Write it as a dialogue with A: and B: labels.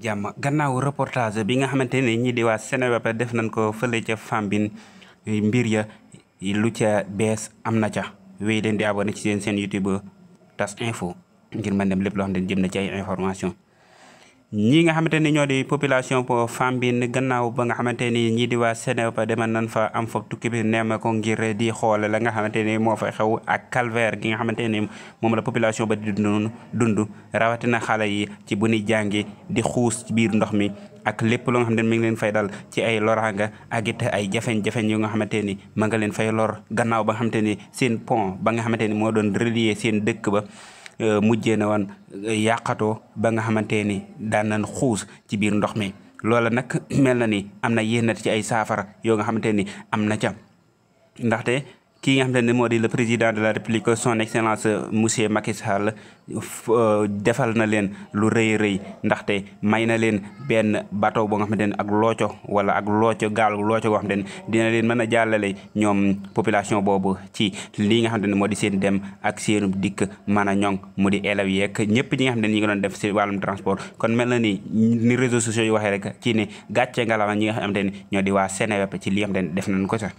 A: jàmm gannaaw reportage bi nga xamante ne ñi di waa Seneweb def nañ ko fële ca Fambine mbir ya lu ca bees am na ca wéy leen di abonné ci seen seen YouTube TAS info ngir mën dem lépp loo xam jëm na ci ay information ñii nga xamante ni ñoo di population po Fambine gannaaw ba nga xamante ni ñii di waa Sénégal demal nañ fa am fa tukki bi neem ko ngir di xool la nga xamante ni moo fay xew ak calvaire gi nga xamante ni moom la population ba di dund dund rawatina xale yi ci bu ni jàngi di xuus ci biir ndox mi. ak lépp loo nga xam ne mi ngi leen fay dal ci ay loraanga ak it ay jafeñ-jafeñ yu nga xamante ni ma nga leen fay lor gannaaw ba nga xamante ni seen pont ba nga xamante ni moo doon relier seen dëkk ba. Euh, mujjee na woon euh, yàqatoo ba nga xamante ni daan nañ xuus ci biir ndox mi loola nag mel na ni am na yenn ci ay saafara yoo nga xamante ni am na ca ndaxte kii nga xam te ne moo di le président de la république son excellence monsieur Macky Sall euh, defal na leen lu rëy rëy ndaxte may na leen benn bateau boo xam xamante ne ak looco wala ak looco gaal looco boo xamante ne dina leen mën a jàllale ñoom population boobu ci lii nga xamante ne moo di seen dem ak seen dikk mën a ñoŋ mu di élèves yeek ñëpp ñi nga xamante ne ñi ngi doon def si wàllum transport kon mel na ni ni réseaux sociaux yi waxee rek ci ne gàcce ngalama ñi nga xamante ne ñoo di waa Seneweb ci li nga xamante ne def nañ ko sax